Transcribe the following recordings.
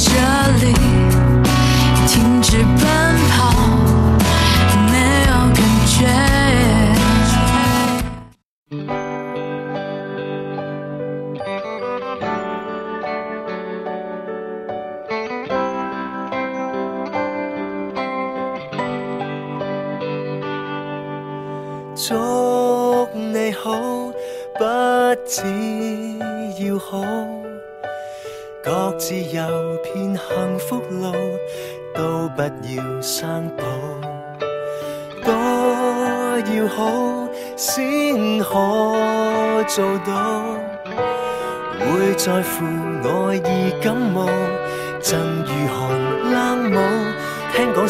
這裏停止吧。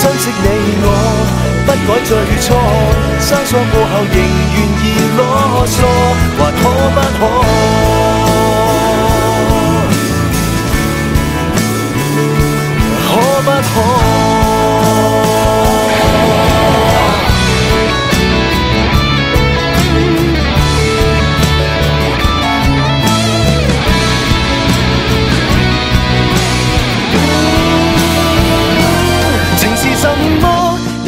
珍惜你我，不改最初。生疏過後，仍願意囉嗦，還可不可？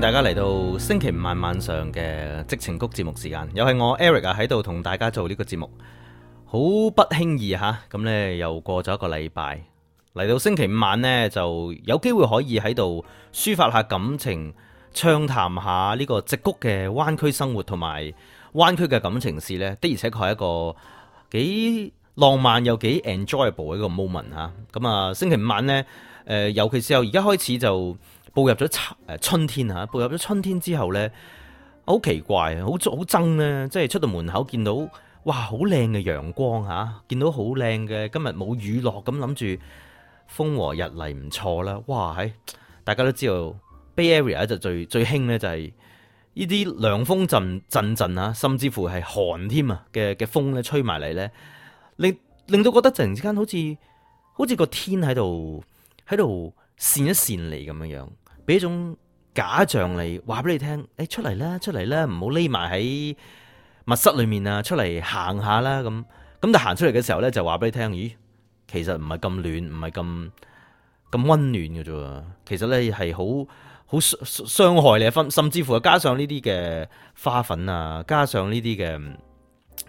大家嚟到星期五晚晚上嘅矽情谷節目時間，又係我 Eric 啊喺度同大家做呢個節目，好不輕易吓。咁呢又過咗一個禮拜，嚟到星期五晚呢，就有機會可以喺度抒發下感情，暢談下呢個矽谷嘅灣區生活同埋灣區嘅感情事呢。的而且確係一個幾浪漫又幾 enjoyable 嘅一個 moment 吓。咁啊，星期五晚呢，誒、呃，尤其是由而家開始就。步入咗春，誒，春天吓，步入咗春天之後咧，好奇怪啊，好好憎咧，即係出到門口見到，哇，好靚嘅陽光吓、啊，見到好靚嘅，今日冇雨落，咁諗住風和日麗唔錯啦。哇，喺、哎、大家都知道，Bay Area 就最最興咧，就係呢啲涼風陣陣陣啊甚至乎係寒添啊嘅嘅風咧吹埋嚟咧，令令到覺得突然之間好似好似個天喺度喺度扇一扇嚟咁樣樣。俾一種假象嚟話俾你聽，誒，出嚟啦，出嚟啦，唔好匿埋喺密室裏面啊，出嚟行下啦咁。咁但係行出嚟嘅時候咧，就話俾你聽，咦，其實唔係咁暖，唔係咁咁温暖嘅啫。其實咧係好好傷害你分，甚至乎加上呢啲嘅花粉啊，加上呢啲嘅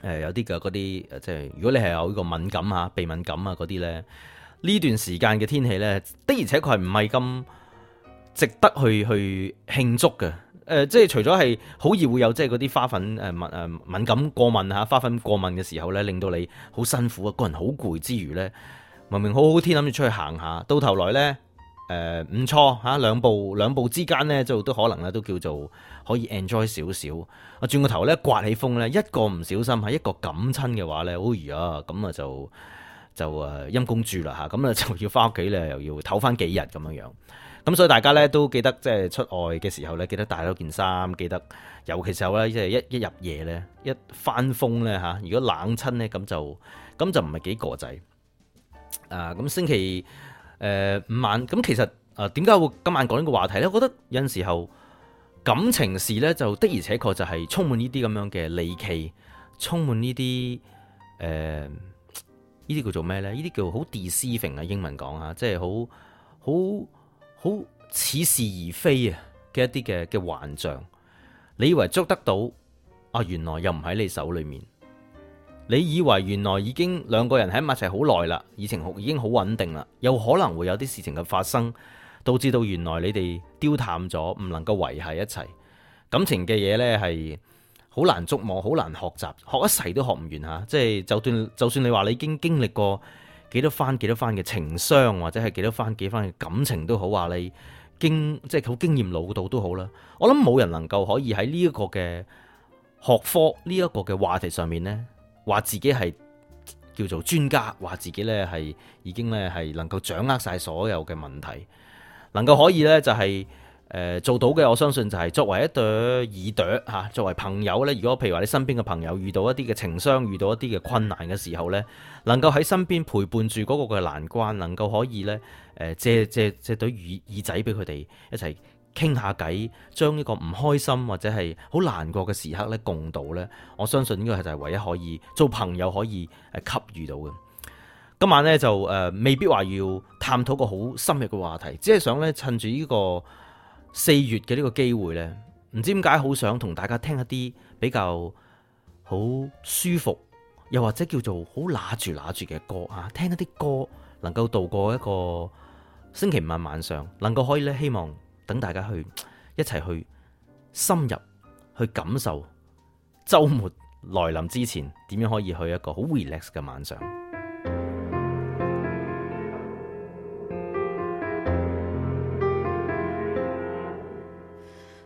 誒有啲嘅嗰啲，即係如果你係有呢個敏感啊鼻敏感啊嗰啲咧，呢段時間嘅天氣咧的而且確係唔係咁。值得去去慶祝嘅，誒、呃，即係除咗係好易會有即係嗰啲花粉誒敏誒敏感過敏嚇，花粉過敏嘅時候咧，令到你好辛苦啊，個人好攰之餘咧，明明好好天諗住出去行下，到頭來咧誒唔錯嚇，兩步兩步之間咧，就都可能咧都叫做可以 enjoy 少少。啊，轉個頭咧刮起風咧，一個唔小心係一個感親嘅話咧，哦呀咁啊就就誒陰公住啦嚇，咁啊就要翻屋企咧，又要唞翻幾日咁樣樣。咁所以大家咧都記得，即係出外嘅時候咧，記得帶多件衫，記得尤其時候咧，即係一一入夜咧，一翻風咧吓、啊，如果冷親咧，咁就咁就唔係幾過仔。啊，咁星期誒、呃、五晚，咁其實啊，點解我今晚講呢個話題咧？我覺得有陣時候感情事咧，就的而且確就係充滿呢啲咁樣嘅離奇，充滿呢啲誒呢啲叫做咩咧？呢啲叫好 deceiving 啊！英文講吓，即係好好。好似是而非啊嘅一啲嘅嘅幻象，你以為捉得到啊？原來又唔喺你手裏面。你以為原來已經兩個人喺埋一齊好耐啦，以前已經好穩定啦，又可能會有啲事情嘅發生，導致到原來你哋丟淡咗，唔能夠維繫一齊感情嘅嘢呢，係好難捉摸，好難學習，學一世都學唔完吓。即係就算就算你話你已經經歷過。幾多番幾多番嘅情商，或者係幾多番幾番嘅感情都好，話你經即係好經驗老道都好啦。我諗冇人能夠可以喺呢一個嘅學科呢一個嘅話題上面呢，話自己係叫做專家，話自己呢係已經呢係能夠掌握晒所有嘅問題，能夠可以呢就係。誒做到嘅，我相信就係作為一對耳朵嚇，作為朋友呢。如果譬如話你身邊嘅朋友遇到一啲嘅情傷，遇到一啲嘅困難嘅時候呢，能夠喺身邊陪伴住嗰個嘅難關，能夠可以呢誒借借借，借對耳耳仔俾佢哋一齊傾下偈，將呢個唔開心或者係好難過嘅時刻呢共度呢。我相信呢個係就係唯一可以做朋友可以誒給予到嘅。今晚呢，就誒未必話要探討個好深入嘅話題，只係想呢趁住呢個。四月嘅呢個機會呢，唔知點解好想同大家聽一啲比較好舒服，又或者叫做好攔住攔住嘅歌啊。聽一啲歌能夠度過一個星期五嘅晚上，能夠可以咧，希望等大家去一齊去深入去感受週末來臨之前點樣可以去一個好 relax 嘅晚上。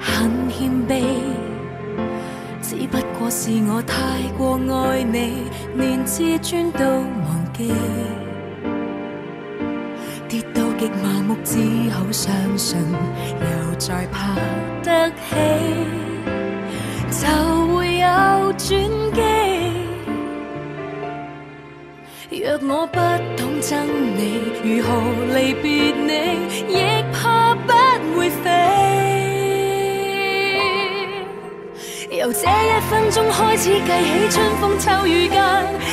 很謙卑，只不過是我太過愛你，連自尊都忘記。跌到極麻木，只好相信，又再爬得起，就會有轉機。 若我不懂憎你，如何離別你，亦怕不會飛。由這一分鐘開始計起，春風秋雨間，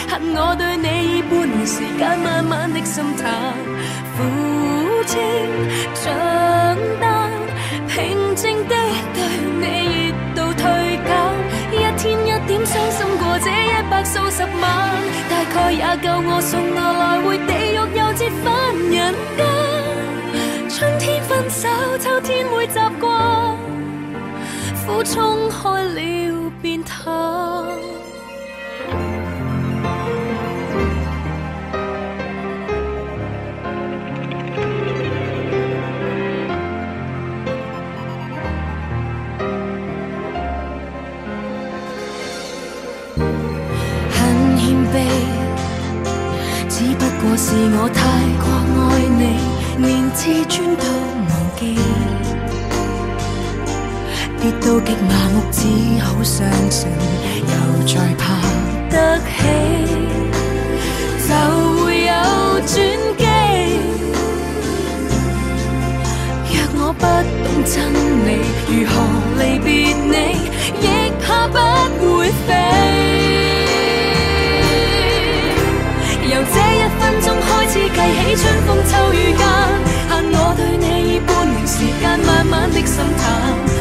恨我對你已半年時間，慢慢的心淡。付清帳單，平靜的對你熱度退減，一天一點傷心過這一百數十晚，大概也夠我送我來回地獄又折返人間。春天分手，秋天會習慣。苦衝開了變淡，很謙卑，只不過是我太過愛你，連自尊都忘記。跌到極麻木，只好相信，又再爬得起，就會有轉機。若我不懂憎你，如何離別你，亦怕不會飛。由這一分鐘開始計起，春風秋雨間，限我對你以半年時間，慢慢的心淡。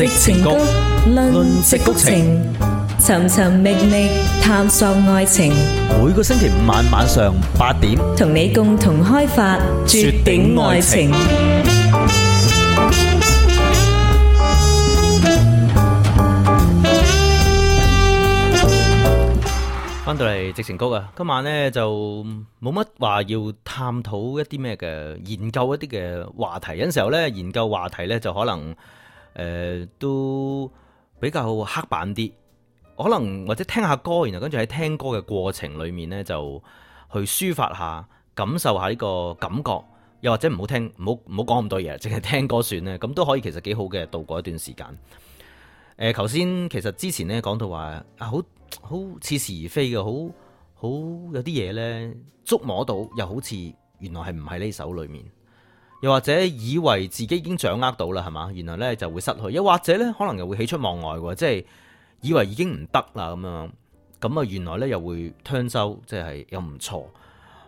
矽情谷，論直情情，尋尋覓覓探索愛情。每個星期五晚晚上八點，同你共同開發絕頂愛情。翻到嚟矽情谷啊！今晚咧就冇乜話要探討一啲咩嘅研究一啲嘅話題。有時候咧研究話題咧就可能。誒、呃，都比較黑板啲，可能或者聽下歌，然後跟住喺聽歌嘅過程裏面呢，就去抒發下，感受下呢個感覺，又或者唔好聽，唔好唔好講咁多嘢，淨係聽歌算呢，咁都可以其實幾好嘅，度過一段時間。誒、呃，頭先其實之前呢講到話啊，好好似是而非嘅，好好有啲嘢呢，捉摸到，又好似原來係唔喺呢首裏面。又或者以為自己已經掌握到啦，係嘛？原來呢就會失去。又或者呢可能又會喜出望外喎，即係以為已經唔得啦咁樣。咁啊，原來呢又會 turn 收，即係又唔錯。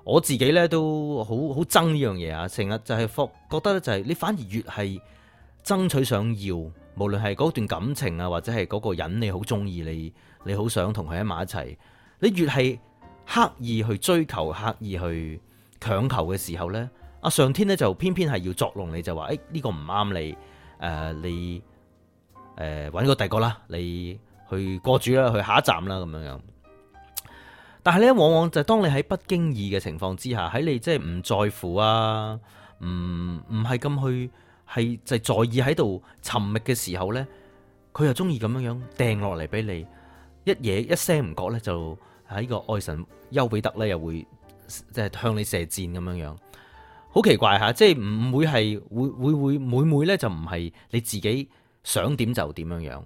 我自己呢都好好憎呢樣嘢啊，成日就係覺覺得咧就係你反而越係爭取想要，無論係嗰段感情啊，或者係嗰個人你好中意你，你好想同佢喺埋一齊，你越係刻意去追求、刻意去強求嘅時候呢。啊！上天咧就偏偏係要作弄你，就話誒呢個唔啱你誒、呃，你誒揾、呃、個第二個啦，你去過主啦，去下一站啦，咁樣樣。但係咧，往往就當你喺不經意嘅情況之下，喺你即係唔在乎啊，唔唔係咁去係就係在意喺度尋覓嘅時候咧，佢又中意咁樣樣掟落嚟俾你一嘢一聲唔覺咧，就喺個愛神丘比特咧又會即係向你射箭咁樣樣。好奇怪吓，即係唔唔會係會會會每每咧就唔係你自己想點就點樣樣。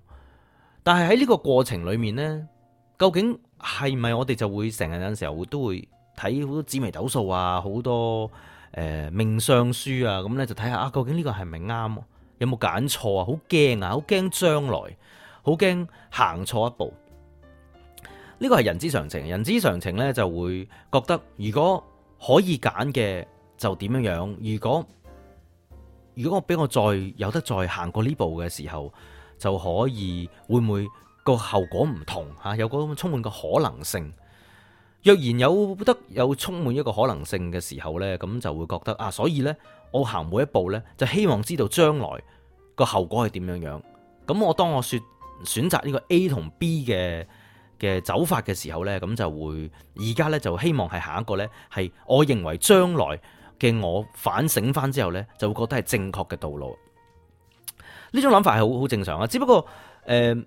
但係喺呢個過程裏面呢，究竟係咪我哋就會成日有時候都會睇好多紫微斗數啊，好多誒、呃、命相書啊，咁咧就睇下啊，究竟呢個係咪啱？有冇揀錯啊？好驚啊！好驚將來，好驚行錯一步。呢個係人之常情，人之常情呢就會覺得如果可以揀嘅。就點樣樣？如果如果我俾我再有得再行過呢步嘅時候，就可以會唔會個後果唔同吓、啊？有個充滿個可能性。若然有得有充滿一個可能性嘅時候呢，咁就會覺得啊，所以呢，我行每一步呢，就希望知道將來個後果係點樣樣。咁我當我說選擇呢個 A 同 B 嘅嘅走法嘅時候呢，咁就會，而家呢，就希望係下一個呢，係我認為將來。嘅我反省翻之後呢，就會覺得係正確嘅道路。呢種諗法係好好正常啊，只不過誒、呃、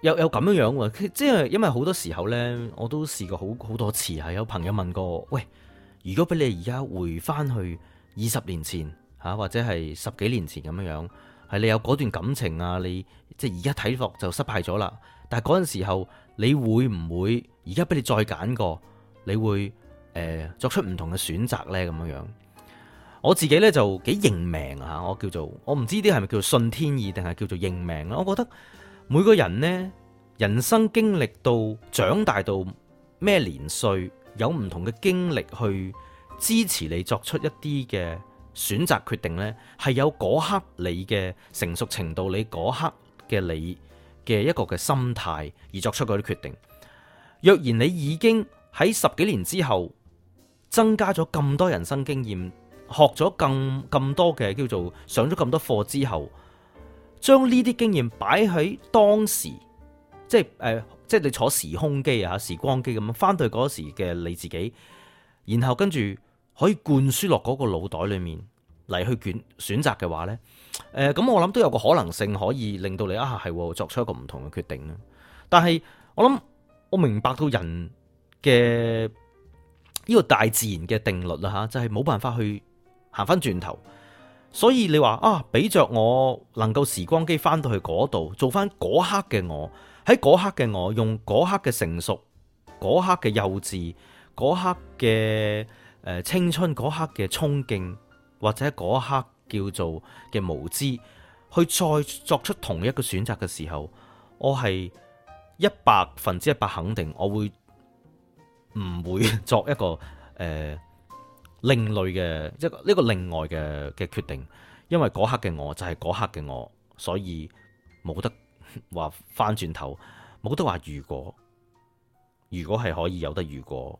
有有咁樣樣喎，即係因為好多時候呢，我都試過好好多次係。有朋友問過：喂，如果俾你而家回翻去二十年前嚇、啊，或者係十幾年前咁樣樣，係你有嗰段感情啊？你即係而家睇落就失敗咗啦。但係嗰陣時候你會會你，你會唔會而家俾你再揀過，你會誒作出唔同嘅選擇呢？咁樣樣。我自己咧就幾認命嚇，我叫做我唔知啲係咪叫做信天意定係叫做認命啦。我覺得每個人呢，人生經歷到長大到咩年歲，有唔同嘅經歷去支持你作出一啲嘅選擇決定，呢係有嗰刻你嘅成熟程度，你嗰刻嘅你嘅一個嘅心態而作出嗰啲決定。若然你已經喺十幾年之後增加咗咁多人生經驗。學咗咁咁多嘅叫做上咗咁多課之後，將呢啲經驗擺喺當時，即係誒、呃，即係你坐時空機啊，時光機咁樣翻到嗰時嘅你自己，然後跟住可以灌輸落嗰個腦袋裏面嚟，去選選擇嘅話咧，誒、呃，咁我諗都有個可能性可以令到你一下啊係作出一個唔同嘅決定啦。但係我諗我明白到人嘅呢個大自然嘅定律啦吓、啊，就係、是、冇辦法去。行翻轉頭，所以你話啊，俾着我能夠時光機翻到去嗰度，做翻嗰刻嘅我，喺嗰刻嘅我，用嗰刻嘅成熟，嗰刻嘅幼稚，嗰刻嘅誒、呃、青春，嗰刻嘅衝勁，或者嗰刻叫做嘅無知，去再作出同一個選擇嘅時候，我係一百分之一百肯定，我會唔會作一個誒、呃另類嘅一個呢個另外嘅嘅決定，因為嗰刻嘅我就係嗰刻嘅我，所以冇得話翻轉頭，冇得話如果，如果係可以有得如果，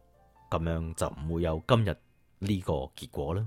咁樣就唔會有今日呢個結果啦。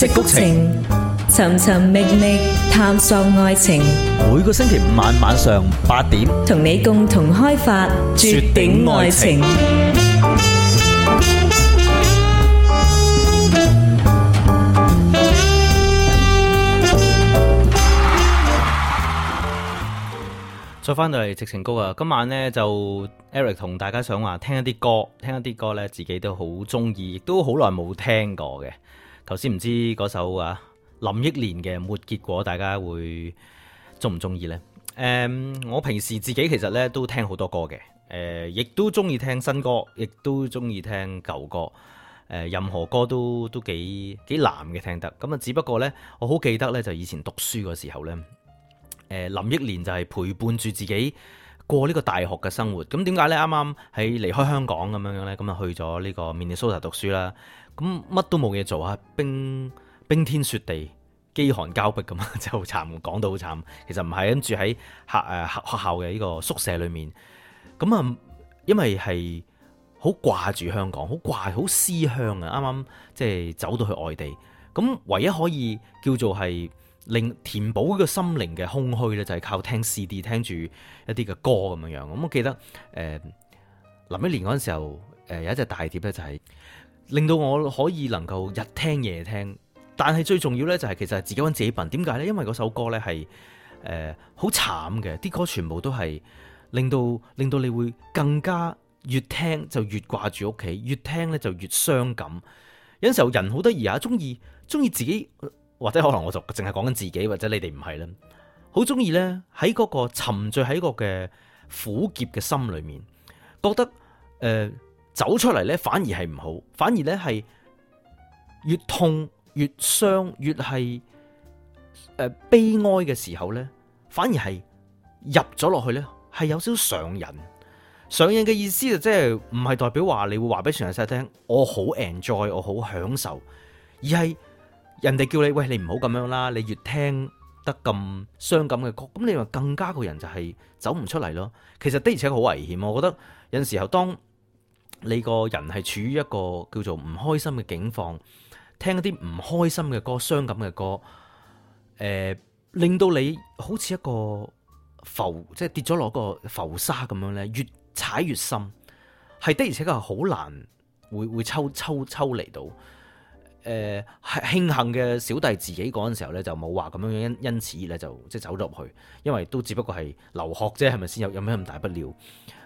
矽情谷尋尋覓覓探索愛情，每個星期五晚晚上八點，同你共同開發絕頂愛情。再返到嚟矽情谷啊！今晚呢就 Eric 同大家想話聽一啲歌，聽一啲歌呢自己都好鍾意，亦都好耐冇聽過嘅。頭先唔知嗰首啊林憶蓮嘅《沒結果》，大家會鍾唔鍾意呢？誒、嗯，我平時自己其實咧都聽好多歌嘅，誒、呃，亦都鍾意聽新歌，亦都鍾意聽舊歌，誒、呃，任何歌都都幾幾攬嘅聽得。咁啊，只不過呢，我好記得呢，就以前讀書嗰時候呢，誒、呃，林憶蓮就係陪伴住自己過呢個大學嘅生活。咁點解呢？啱啱喺離開香港咁樣樣呢，咁啊去咗呢個 Minnesota 讀書啦。咁乜都冇嘢做啊！冰冰天雪地、飢寒交迫咁啊，就好慘講到好慘。其實唔係，諗住喺校誒校學校嘅呢個宿舍裏面。咁啊，因為係好掛住香港，好掛好思鄉啊！啱啱即係走到去外地，咁唯一可以叫做係令填補個心靈嘅空虛咧，就係、是、靠聽 CD，聽住一啲嘅歌咁樣樣。咁我記得誒林、呃、一年嗰陣時候，誒、呃、有一隻大碟咧、就是，就係。令到我可以能夠日聽夜聽，但係最重要呢，就係其實係自己揾自己笨。點解呢？因為嗰首歌呢係誒好慘嘅，啲、呃、歌全部都係令到令到你會更加越聽就越掛住屋企，越聽呢就越傷感。有時候人好得意啊，中意中意自己，或者可能我就淨係講緊自己，或者你哋唔係啦，好中意呢，喺嗰個沉醉喺個嘅苦澀嘅心裏面，覺得誒。呃走出嚟咧，反而係唔好，反而咧係越痛越傷，越係誒悲哀嘅時候咧，反而係入咗落去咧，係有少少上癮。上癮嘅意思就即係唔係代表話你會話俾全世界聽，我好 enjoy，我好享受，而係人哋叫你喂，你唔好咁樣啦，你越聽得咁傷感嘅曲，咁你咪更加個人就係走唔出嚟咯。其實的而且確好危險，我覺得有時候當。你個人係處於一個叫做唔開心嘅境況，聽一啲唔開心嘅歌、傷感嘅歌，誒、呃，令到你好似一個浮，即係跌咗落個浮沙咁樣咧，越踩越深，係的而且確係好難會會抽抽抽離到。誒、呃，慶幸嘅小弟自己嗰陣時候咧，就冇話咁樣因因此咧，就即係走咗去，因為都只不過係留學啫，係咪先，有有咩咁大不了？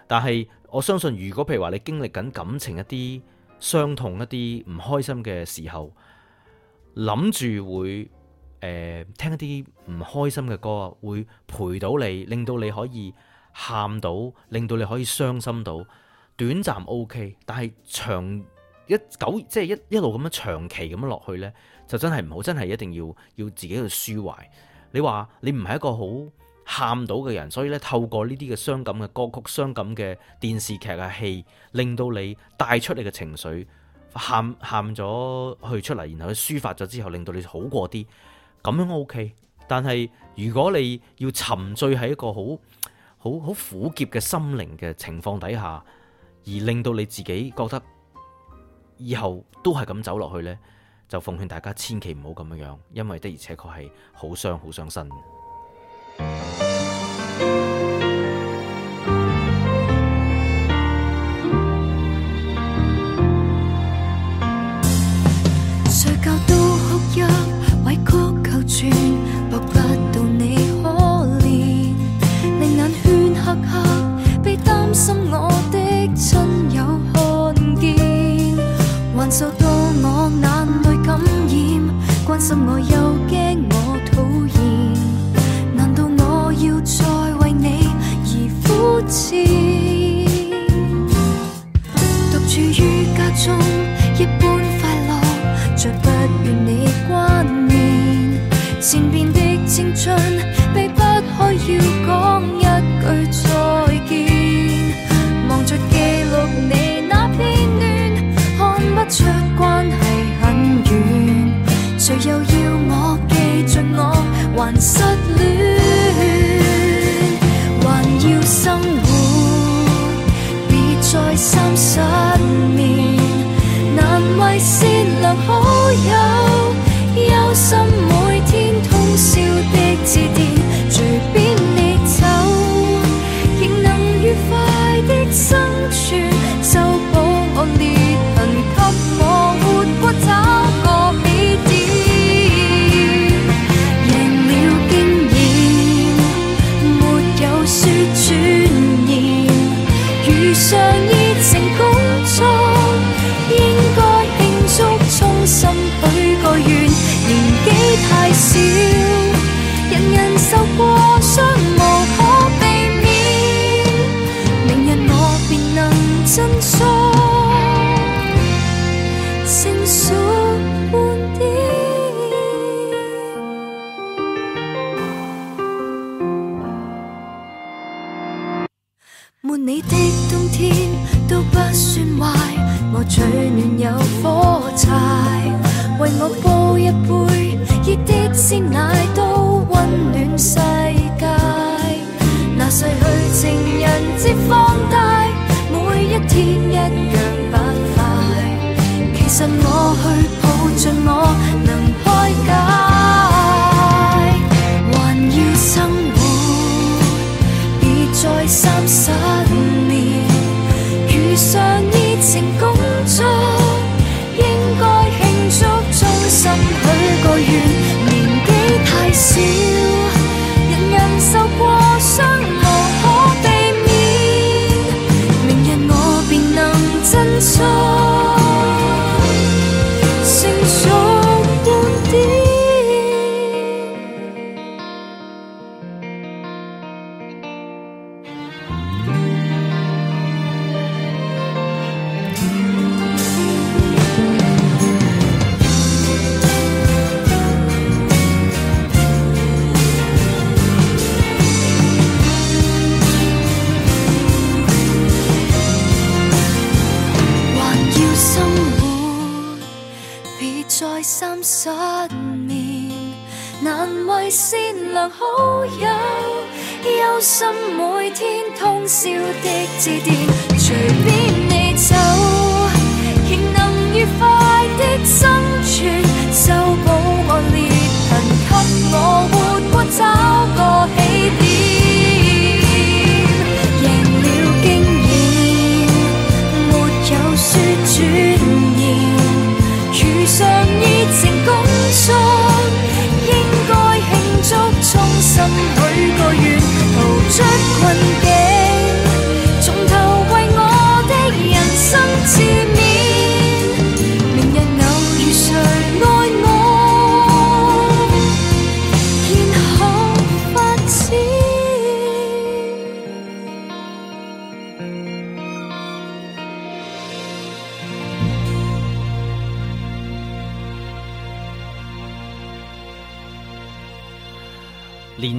但係我相信，如果譬如話你經歷緊感情一啲傷痛、一啲唔開心嘅時候，諗住會誒、呃、聽一啲唔開心嘅歌啊，會陪到你，令到你可以喊到，令到你可以傷心到，短暫 OK 但。但係長一久，即、就、係、是、一一路咁樣長期咁樣落去咧，就真係唔好，真係一定要要自己去抒懷。你話你唔係一個好喊到嘅人，所以咧，透過呢啲嘅傷感嘅歌曲、傷感嘅電視劇啊、戲，令到你帶出你嘅情緒，喊喊咗去出嚟，然後佢抒發咗之後，令到你好過啲，咁樣 OK。但係如果你要沉醉喺一個好好好苦澀嘅心靈嘅情況底下，而令到你自己覺得以後都係咁走落去呢，就奉勸大家千祈唔好咁樣，因為的而且確係好傷、好傷身。睡覺都哭泣，委屈求全，博不到你可憐。令眼圈黑黑，被擔心我的親友看見，還受到我眼淚感染，關心我憂。一般快樂，著不與你關聯？善變的青春。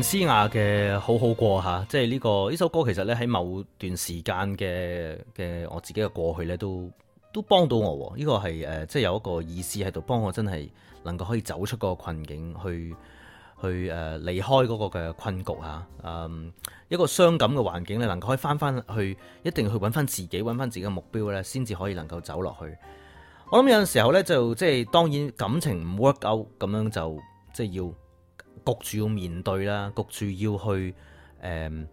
思雅嘅好好過吓，即係呢、這個呢首歌，其實呢，喺某段時間嘅嘅我自己嘅過去呢，都都幫到我。呢、這個係誒、呃，即係有一個意思喺度，幫我真係能夠可以走出個困境，去去誒、呃、離開嗰個嘅困局吓。嗯、啊，一個傷感嘅環境咧，能夠可以翻翻去，一定要去揾翻自己，揾翻自己嘅目標呢，先至可以能夠走落去。我諗有陣時候呢，就即係當然感情唔 work out 咁樣就，就即係要。焗住要面對啦，焗住要去誒誒、嗯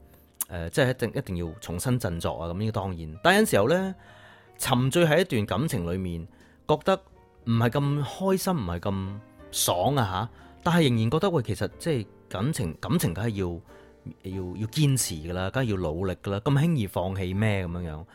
呃，即係一定一定要重新振作啊！咁呢個當然，但係有陣時候呢，沉醉喺一段感情裏面，覺得唔係咁開心，唔係咁爽啊嚇，但係仍然覺得喂，其實即係感情，感情梗係要要要堅持噶啦，梗係要努力噶啦，咁輕易放棄咩咁樣樣？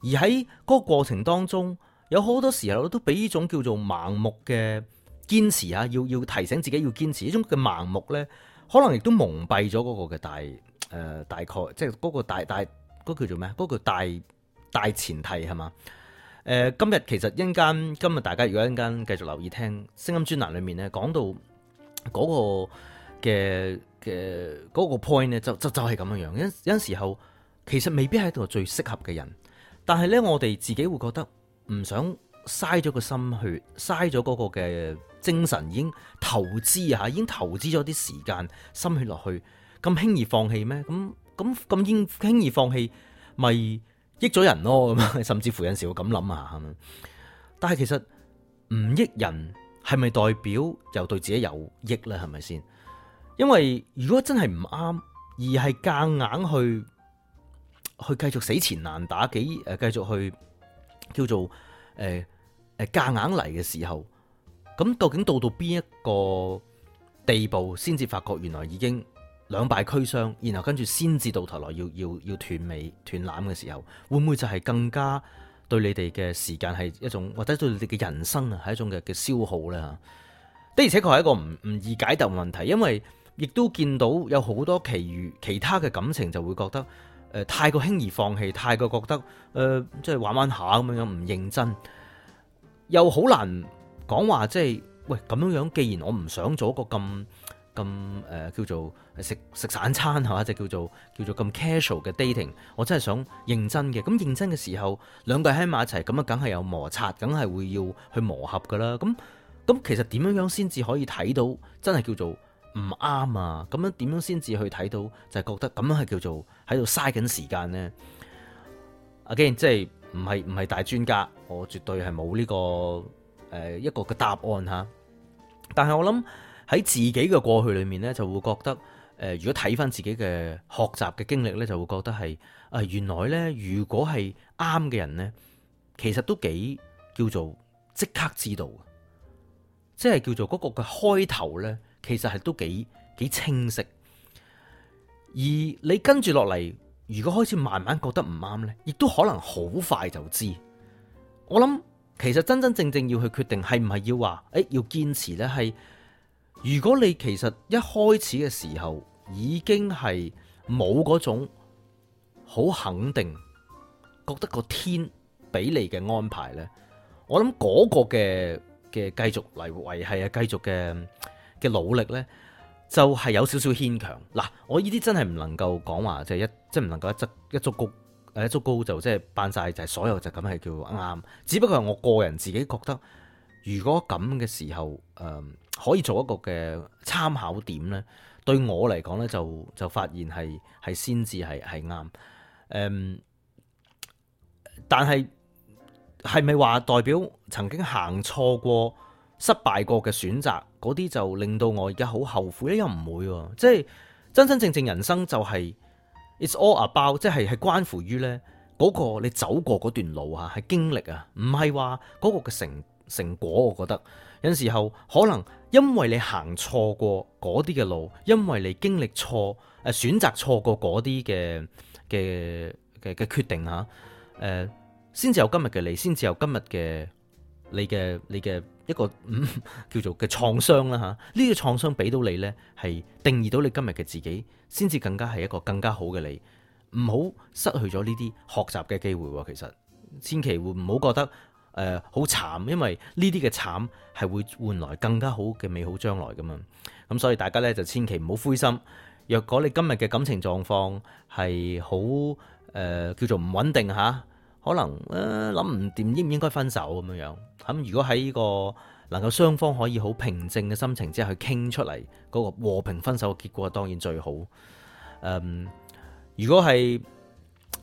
而喺嗰個過程當中，有好多時候都俾呢種叫做盲目嘅。堅持啊，要要提醒自己要堅持。呢種嘅盲目咧，可能亦都蒙蔽咗嗰個嘅大誒、呃、大概，即係嗰個大大嗰、嗰個叫做咩？嗰個大大前提係嘛？誒、呃，今日其實一陣間今日大家如果一陣間繼續留意聽聲音專欄裏面咧，講到嗰、嗰個嘅嘅嗰個 point 咧，就就就係咁樣樣。有陣時候其實未必係一個最適合嘅人，但係咧我哋自己會覺得唔想嘥咗個心血，嘥咗嗰個嘅。精神已經投資嚇，已經投資咗啲時間心血落去，咁輕易放棄咩？咁咁咁應輕易放棄咪益咗人咯？咁甚至乎有時會咁諗嚇。係咪？但係其實唔益人係咪代表又對自己有益咧？係咪先？因為如果真係唔啱，而係夾硬去去繼續死纏爛打幾誒，繼續去叫做誒誒夾硬嚟嘅時候。咁究竟到到邊一個地步，先至發覺原來已經兩敗俱傷，然後跟住先至到頭來要要要斷尾斷纜嘅時候，會唔會就係更加對你哋嘅時間係一種，或者對你哋嘅人生啊係一種嘅嘅消耗呢？的而且確係一個唔唔易解答嘅問題，因為亦都見到有好多其餘其他嘅感情就會覺得，誒、呃、太過輕易放棄，太過覺得，誒、呃、即係玩玩下咁樣唔認真，又好難。講話即係喂，咁樣樣，既然我唔想做一個咁咁誒叫做食食散餐嚇，即叫做叫做咁 casual 嘅 dating，我真係想認真嘅。咁認真嘅時候，兩個人喺埋一齊，咁啊，梗係有摩擦，梗係會要去磨合噶啦。咁咁其實點樣樣先至可以睇到真係叫做唔啱啊？咁樣點樣先至去睇到就係覺得咁樣係叫做喺度嘥緊時間呢？Again，即係唔係唔係大專家，我絕對係冇呢個。誒，一個嘅答案吓，但係我諗喺自己嘅過去裏面呢，就會覺得誒、呃，如果睇返自己嘅學習嘅經歷呢，就會覺得係誒、呃，原來呢。如果係啱嘅人呢，其實都幾叫做即刻知道，即係叫做嗰個嘅開頭呢，其實係都幾幾清晰。而你跟住落嚟，如果開始慢慢覺得唔啱呢，亦都可能好快就知。我諗。其實真真正正要去決定係唔係要話，誒、哎，要堅持呢？係如果你其實一開始嘅時候已經係冇嗰種好肯定，覺得個天俾你嘅安排呢，我諗嗰個嘅嘅繼續嚟維繫啊，繼續嘅嘅努力呢，就係、是、有少少牽強。嗱，我呢啲真係唔能夠講話，即、就、係、是、一即係唔能夠一執一足谷。誒，足高就即係扮晒，就係、係、所有就咁係叫啱。只不過係我個人自己覺得，如果咁嘅時候，誒、嗯、可以做一個嘅參考點咧，對我嚟講咧就就發現係係先至係係啱。誒、嗯，但係係咪話代表曾經行錯過、失敗過嘅選擇嗰啲，就令到我而家好後悔咧？又唔會、啊，即係真真正正人生就係、係。It's all about，即係係關乎於咧嗰個你走過嗰段路吓，係經歷啊，唔係話嗰個嘅成成果。我覺得有時候可能因為你行錯過嗰啲嘅路，因為你經歷錯，誒選擇錯過嗰啲嘅嘅嘅嘅決定吓，誒先至有今日嘅你，先至有今日嘅你嘅你嘅。一個叫做嘅創傷啦吓，呢個創傷俾到你呢，係定義到你今日嘅自己，先至更加係一個更加好嘅你。唔好失去咗呢啲學習嘅機會，其實千祈唔好覺得誒好慘，因為呢啲嘅慘係會換來更加好嘅美好將來噶嘛。咁所以大家呢，就千祈唔好灰心。若果你今日嘅感情狀況係好誒叫做唔穩定吓。可能諗唔掂應唔應該分手咁樣樣咁，如果喺呢個能夠雙方可以好平靜嘅心情之下去傾出嚟，嗰個和平分手嘅結果當然最好。嗯，如果係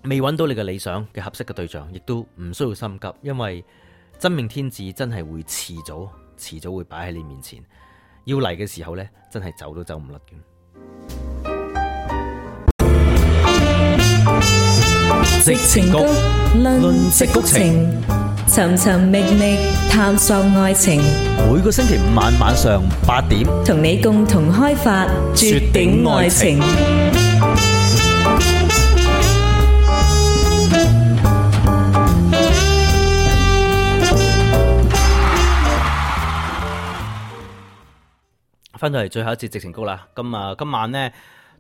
未揾到你嘅理想嘅合適嘅對象，亦都唔需要心急，因為真命天子真係會遲早，遲早會擺喺你面前。要嚟嘅時候呢，真係走都走唔甩。矽情谷，論直情，尋尋覓覓探索愛情。每個星期五晚晚上八點，同你共同開發絕頂愛情。翻到嚟最後一節矽情谷啦，今啊今晚呢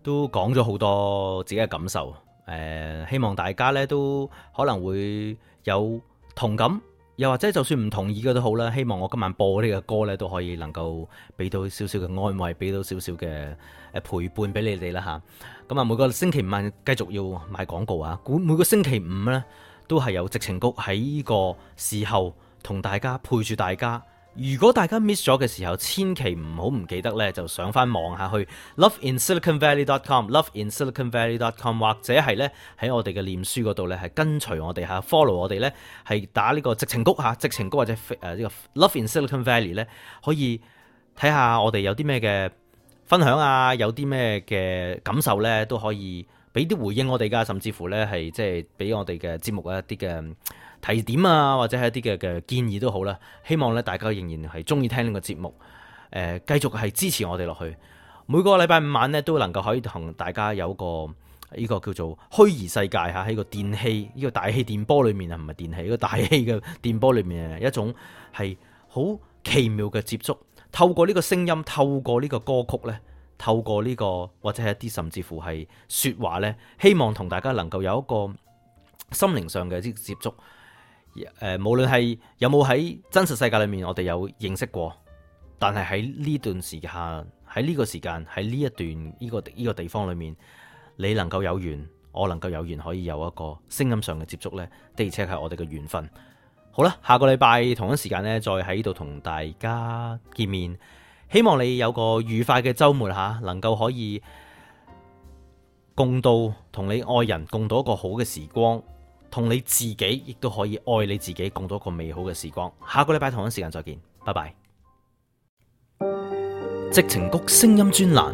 都講咗好多自己嘅感受。誒、呃，希望大家咧都可能會有同感，又或者就算唔同意嘅都好啦。希望我今晚播呢個歌咧，都可以能夠俾到少少嘅安慰，俾到少少嘅誒陪伴俾你哋啦吓，咁啊，每個星期五晚繼續要賣廣告啊，估每個星期五呢，都係有矽情谷喺呢個時候同大家陪住大家。如果大家 miss 咗嘅時候，千祈唔好唔記得咧，就上翻網下去 loveinsiliconvalley.com，loveinsiliconvalley.com dot dot 或者係咧，喺我哋嘅念書嗰度咧，係跟隨我哋吓，follow 我哋咧，係打呢個矽情谷吓，矽情谷或者誒呢個 loveinsiliconvalley 咧，可以睇下我哋有啲咩嘅分享啊，有啲咩嘅感受咧，都可以俾啲回應我哋噶，甚至乎咧係即係俾我哋嘅節目一啲嘅。提點啊，或者係一啲嘅嘅建議都好啦。希望咧，大家仍然係中意聽呢個節目，誒、呃，繼續係支持我哋落去。每個禮拜五晚咧都能夠可以同大家有一個呢個叫做虛擬世界吓，喺個電器呢個大氣電波裏面啊，唔係電器，呢個大氣嘅電波裏面一種係好奇妙嘅接觸。透過呢個聲音，透過呢個歌曲咧，透過呢個或者係一啲甚至乎係說話咧，希望同大家能夠有一個心靈上嘅接接觸。誒，無論係有冇喺真實世界裏面，我哋有認識過，但係喺呢段時間，喺呢個時間，喺呢一段呢個呢個地方裏面，你能夠有緣，我能夠有緣，可以有一個聲音上嘅接觸呢，的而且確係我哋嘅緣分。好啦，下個禮拜同一時間呢，再喺度同大家見面。希望你有個愉快嘅周末吓，能夠可以共度，同你愛人共度一個好嘅時光。同你自己亦都可以愛你自己，共度一個美好嘅時光。下個禮拜同一時間再見，拜拜。矽情谷聲音專欄，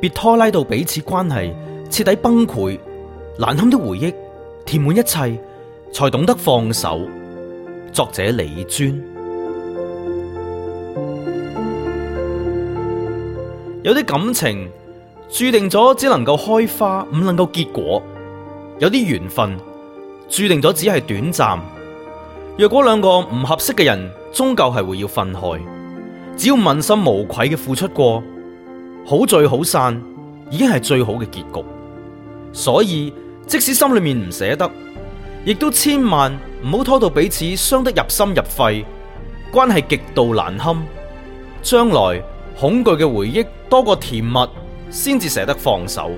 別拖拉到彼此關係徹底崩潰，難堪的回憶填滿一切，才懂得放手。作者李尊。有啲感情注定咗只能夠開花，唔能夠結果。有啲緣分，注定咗只係短暫。若果兩個唔合適嘅人，終究係會要分開。只要問心無愧嘅付出過，好聚好散已經係最好嘅結局。所以即使心裏面唔捨得，亦都千萬唔好拖到彼此傷得入心入肺，關係極度難堪。將來恐懼嘅回憶多過甜蜜，先至捨得放手。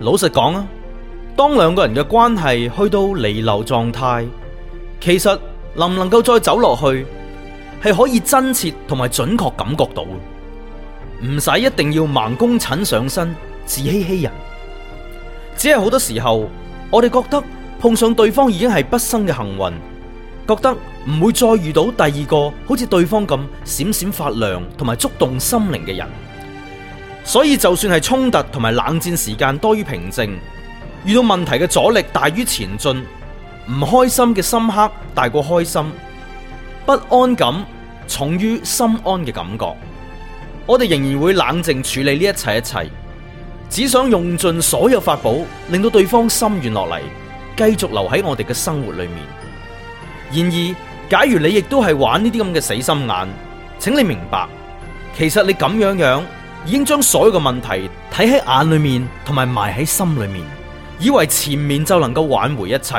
老實講啊！當兩個人嘅關係去到彌留狀態，其實能唔能夠再走落去，係可以真切同埋準確感覺到，唔使一定要盲公蠢上身，自欺欺人。只係好多時候，我哋覺得碰上對方已經係畢生嘅幸運，覺得唔會再遇到第二個好似對方咁閃閃發亮同埋觸動心靈嘅人。所以就算係衝突同埋冷戰時間多於平靜。遇到問題嘅阻力大於前進，唔開心嘅深刻大過開心，不安感重於心安嘅感覺，我哋仍然會冷靜處理呢一切一切，只想用盡所有法寶，令到對方心軟落嚟，繼續留喺我哋嘅生活裏面。然而，假如你亦都係玩呢啲咁嘅死心眼，請你明白，其實你咁樣樣已經將所有嘅問題睇喺眼裏面，同埋埋喺心裏面。以為纏綿就能夠挽回一切，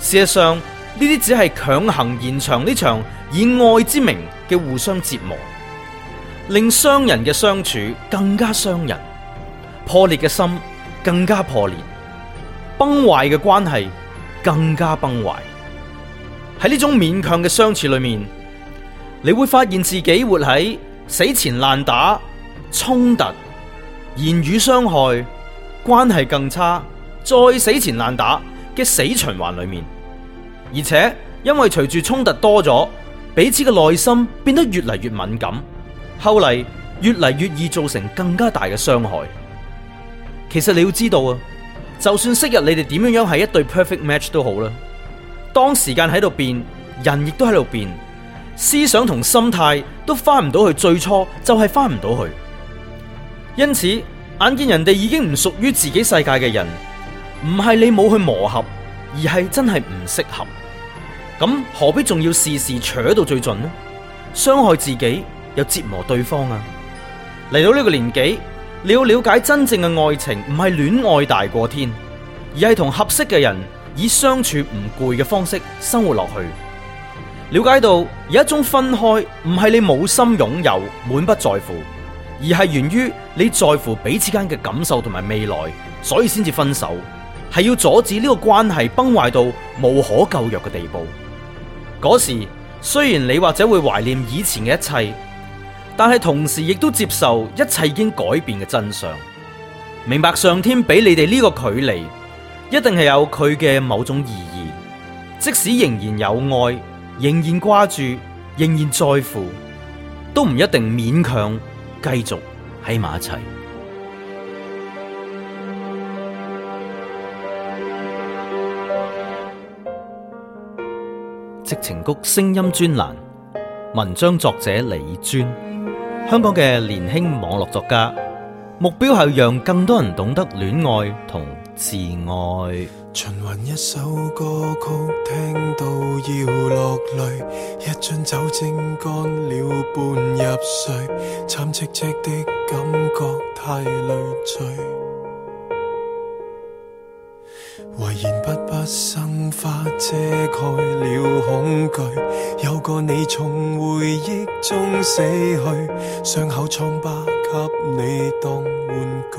事實上呢啲只係強行延長呢場以愛之名嘅互相折磨，令傷人嘅相處更加傷人，破裂嘅心更加破裂，崩壞嘅關係更加崩壞。喺呢種勉強嘅相處裏面，你會發現自己活喺死纏爛打、衝突、言語傷害，關係更差，再死纏爛打嘅死循環裏面，而且因為隨住衝突多咗，彼此嘅內心變得越嚟越敏感，後嚟越嚟越易造成更加大嘅傷害。其實你要知道啊，就算昔日你哋點樣樣係一對 perfect match 都好啦，當時間喺度變，人亦都喺度變，思想同心態都翻唔到去最初，就係翻唔到去。因此。眼見人哋已經唔屬於自己世界嘅人，唔係你冇去磨合，而係真係唔適合。咁何必仲要事事扯到最盡呢？傷害自己又折磨對方啊！嚟到呢個年紀，你要了解真正嘅愛情，唔係戀愛大過天，而係同合適嘅人以相處唔攰嘅方式生活落去。了解到有一種分開，唔係你冇心擁有，滿不在乎。而係源於你在乎彼此間嘅感受同埋未來，所以先至分手。係要阻止呢個關係崩壞到無可救藥嘅地步。嗰時雖然你或者會懷念以前嘅一切，但係同時亦都接受一切已經改變嘅真相，明白上天俾你哋呢個距離一定係有佢嘅某種意義。即使仍然有愛，仍然掛住，仍然在乎，都唔一定勉強。繼續喺埋一齊。矽情谷聲音專欄文章作者李專。香港嘅年輕網絡作家，目標係讓更多人懂得戀愛同自愛。.循環一首歌曲聽到要落淚，一樽酒精乾了半入睡，慘戚戚的感覺太累贅。遺言不不生花遮蓋了恐懼，有個你從回憶中死去，傷口瘡疤給你當玩具。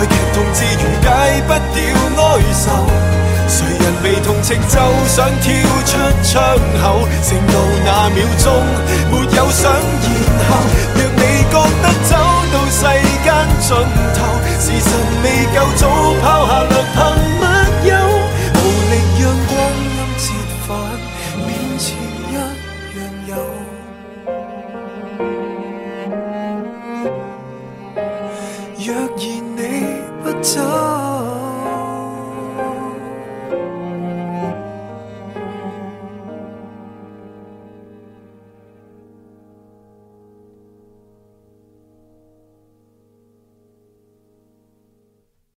在劇痛之餘戒不掉哀愁，誰人被同情就想跳出窗口？承到那秒鐘，沒有想然後若你覺得走到世間盡頭，時辰未夠，早拋下了朋友。